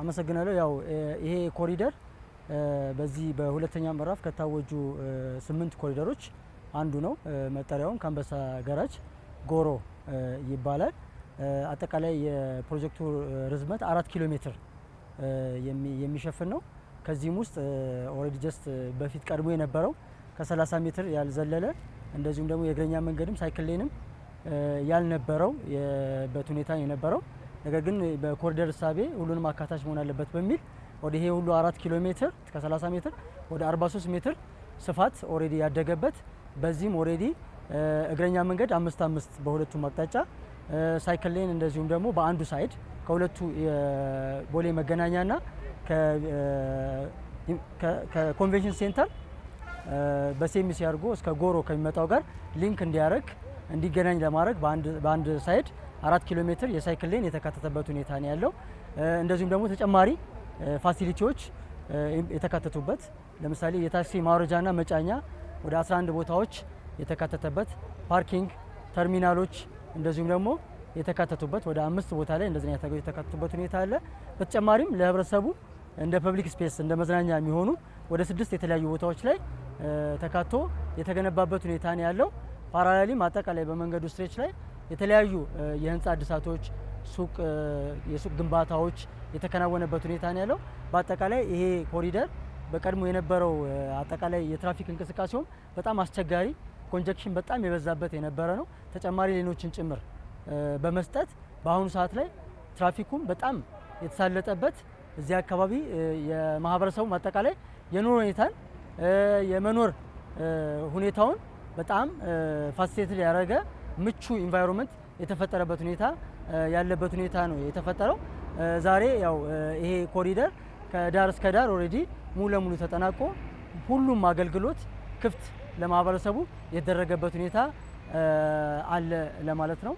አመሰግናለሁ። ያው ይሄ ኮሪደር በዚህ በሁለተኛ ምዕራፍ ከታወጁ ስምንት ኮሪደሮች አንዱ ነው። መጠሪያውም ከአንበሳ ጋራጅ ጎሮ ይባላል። አጠቃላይ የፕሮጀክቱ ርዝመት አራት ኪሎ ሜትር የሚሸፍን ነው። ከዚህም ውስጥ ኦልሬዲ ጀስት በፊት ቀድሞ የነበረው ከ30 ሜትር ያልዘለለ እንደዚሁም ደግሞ የእግረኛ መንገድም ሳይክል ሌንም ያልነበረው በት ሁኔታ የነበረው ነገር ግን በኮሪደር እሳቤ ሁሉንም አካታች መሆን አለበት በሚል ወደ ይሄ ሁሉ አራት ኪሎ ሜትር እስከ 30 ሜትር ወደ 43 ሜትር ስፋት ኦሬዲ ያደገበት በዚህም ኦሬዲ እግረኛ መንገድ አምስት አምስት በሁለቱም አቅጣጫ ሳይክል ሌን እንደዚሁም ደግሞ በአንዱ ሳይድ ከሁለቱ የቦሌ መገናኛና ከኮንቬንሽን ሴንተር በሴሚ ሲያርጎ እስከ ጎሮ ከሚመጣው ጋር ሊንክ እንዲያደርግ እንዲገናኝ ለማድረግ በአንድ ሳይድ አራት ኪሎ ሜትር የሳይክል ሌን የተካተተበት ሁኔታ ነው ያለው። እንደዚሁም ደግሞ ተጨማሪ ፋሲሊቲዎች የተካተቱበት ለምሳሌ የታክሲ ማውረጃና መጫኛ ወደ 11 ቦታዎች የተካተተበት ፓርኪንግ ተርሚናሎች እንደዚሁም ደግሞ የተካተቱበት ወደ አምስት ቦታ ላይ እንደዚህ የተካተቱበት ሁኔታ አለ። በተጨማሪም ለህብረተሰቡ እንደ ፐብሊክ ስፔስ እንደ መዝናኛ የሚሆኑ ወደ ስድስት የተለያዩ ቦታዎች ላይ ተካቶ የተገነባበት ሁኔታ ነው ያለው። ፓራላሊም አጠቃላይ በመንገዱ ስትሬች ላይ የተለያዩ የህንፃ እድሳቶች፣ ሱቅ የሱቅ ግንባታዎች የተከናወነበት ሁኔታ ነው ያለው። በአጠቃላይ ይሄ ኮሪደር በቀድሞ የነበረው አጠቃላይ የትራፊክ እንቅስቃሴውም በጣም አስቸጋሪ ኮንጀክሽን በጣም የበዛበት የነበረ ነው። ተጨማሪ ሌኖችን ጭምር በመስጠት በአሁኑ ሰዓት ላይ ትራፊኩም በጣም የተሳለጠበት እዚህ አካባቢ የማህበረሰቡ አጠቃላይ የኑሮ ሁኔታን የመኖር ሁኔታውን በጣም ፋሲሊቴት ያደረገ ምቹ ኢንቫይሮንመንት የተፈጠረበት ሁኔታ ያለበት ሁኔታ ነው የተፈጠረው። ዛሬ ያው ይሄ ኮሪደር ከዳር እስከ ዳር ኦልሬዲ ሙሉ ለሙሉ ተጠናቆ ሁሉም አገልግሎት ክፍት ለማህበረሰቡ የተደረገበት ሁኔታ አለ ለማለት ነው።